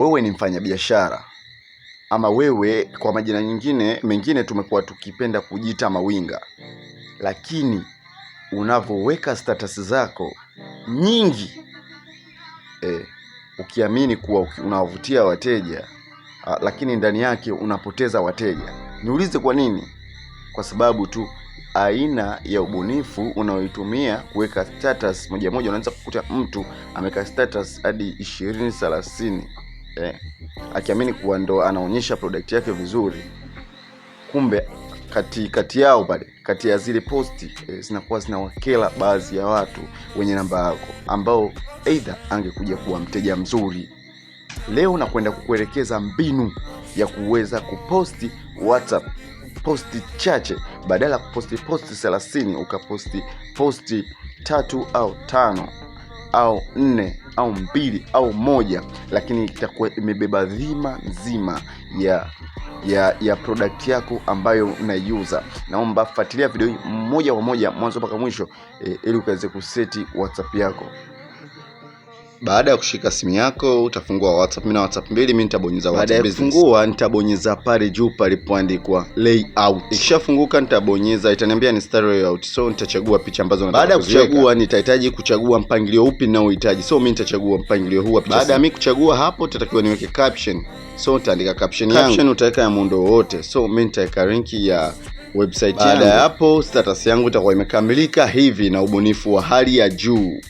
Wewe ni mfanyabiashara ama wewe kwa majina nyingine mengine tumekuwa tukipenda kujita mawinga, lakini unavyoweka status zako nyingi eh, ukiamini kuwa unawavutia wateja ah, lakini ndani yake unapoteza wateja. Niulize kwa nini? Kwa sababu tu aina ya ubunifu unaoitumia kuweka status moja moja, unaweza kukuta mtu ameweka status hadi ishirini thelathini eh, akiamini kuwa ndo anaonyesha product yake vizuri, kumbe kati kati yao pale, kati ya zile posti eh, zinakuwa zinawakela baadhi ya watu wenye namba yako ambao aidha angekuja kuwa mteja mzuri. Leo nakwenda kukuelekeza mbinu ya kuweza kuposti WhatsApp posti chache badala ya kuposti posti 30 ukaposti posti tatu au tano au nne au mbili au moja, lakini itakuwa imebeba dhima nzima ya ya ya product yako ambayo unaiuza. Naomba fuatilia video hii moja kwa moja mwanzo mpaka mwisho, eh, ili ukaweze kuseti WhatsApp yako. Baada ya kushika simu yako utafungua WhatsApp. Mimi na WhatsApp mbili, mimi nitabonyeza WhatsApp business. Baada ya kufungua nitabonyeza pale juu palipoandikwa layout. Ikishafunguka nitabonyeza, itaniambia ni style layout. So nitachagua picha ambazo nataka. Baada ya kuchagua nitahitaji kuchagua mpangilio upi na uhitaji. So mimi nitachagua mpangilio huu. Baada ya mimi kuchagua hapo tutatakiwa niweke caption. So nitaandika caption yangu. Caption utaweka ya muundo wote. So mimi nitaweka link ya website yangu. Baada ya hapo status yangu itakuwa imekamilika hivi na ubunifu wa hali ya juu.